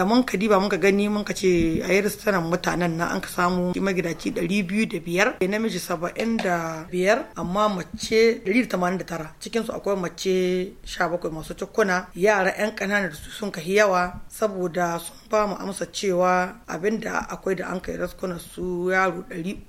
da mun ka diba mun ka gani mun ka ce a yi ristaran mutanen na an ka samu magidaci 205 namiji 75 amma mace 189 cikinsu akwai mace 17 masu cikuna yara yan kanana da su sun kahi yawa saboda sun ba mu amsa cewa abinda akwai da an kai raskuna su yaro 330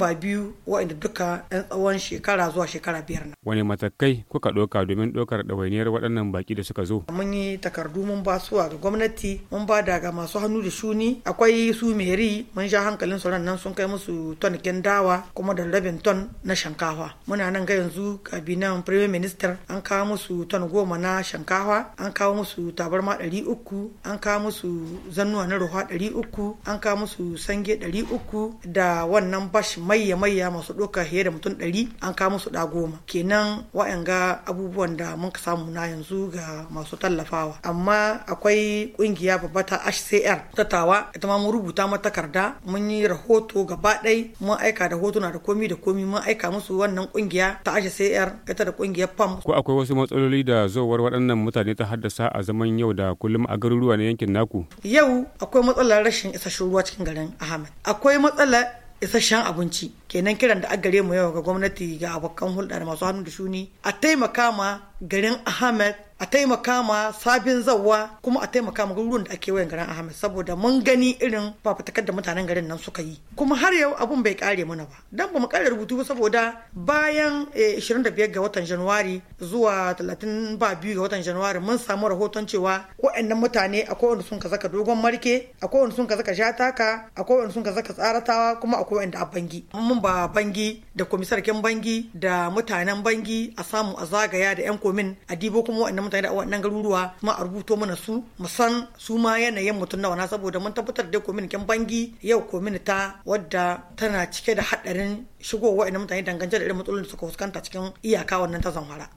ba biyu wa'inda duka yan tsawon shekara zuwa shekara biyar na. Wani matakai kuka ɗauka domin ɗaukar ɗawainiyar waɗannan baki da suka zo? Mun yi takardu mun ba suwa gwamnati mun ba da ga masu hannu da shuni akwai su meri mun sha hankalin su nan sun kai musu ton dawa kuma da rabin ton na shankafa muna nan ga yanzu kabinan prime minister an kawo musu ton goma na shankafa an kawo musu tabarma ɗari uku an kawo musu zannuwa na ruwa ɗari uku an kawo musu sange ɗari uku da wannan bash mayya mayya masu ɗauka fiye da mutum ɗari an kawo musu ɗa goma kenan wa'anga abubuwan da mun samu na yanzu ga masu tallafawa amma akwai kungiya babba ta HCR ta tawa ita ma mun rubuta mata takarda mun yi rahoto gaba ɗai mun aika da hotuna da komi da komi mun aika musu wannan kungiya ta HCR ita da kungiyar PAM. Ko akwai wasu matsaloli da zowar waɗannan mutane ta haddasa a zaman yau da kullum a garuruwa na yankin naku? Yau akwai matsalar rashin isasshen ruwa cikin garin Ahmed. Akwai matsalar isasshen abinci kenan kiran da gare mu yau ga gwamnati ga abokan hulɗa da masu hannu da shuni a taimaka ma garin ahmed a taimaka ma sabin zawa kuma a taimaka ma ruwan da ake wayan garin Ahmed saboda mun gani irin fafatakar da mutanen garin nan suka yi kuma har yau abun bai kare mana ba dan ba mu kare rubutu saboda bayan 25 eh, ga watan Januwari zuwa 32 ba biyu ga watan Januwari mun samu rahoton cewa waɗannan mutane akwai wanda sun kaza ka dogon marke akwai wanda sun kaza ka sha shataka akwai wanda sun kaza ka tsaratawa kuma akwai wanda a bangi mun ba bangi da komisarkin bangi da mutanen bangi a samu a zagaya da yan komin a dibo kuma waɗannan mutane da wannan garuruwa kuma a rubuto mana su mu san su ma yanayin mutum nawa na saboda mun tabbatar da komin kin bangi yau kominita wadda tana cike da hadarin shigowa wa'annan mutane dangance da irin matsalolin da suka fuskanta cikin iyaka wannan ta zanwara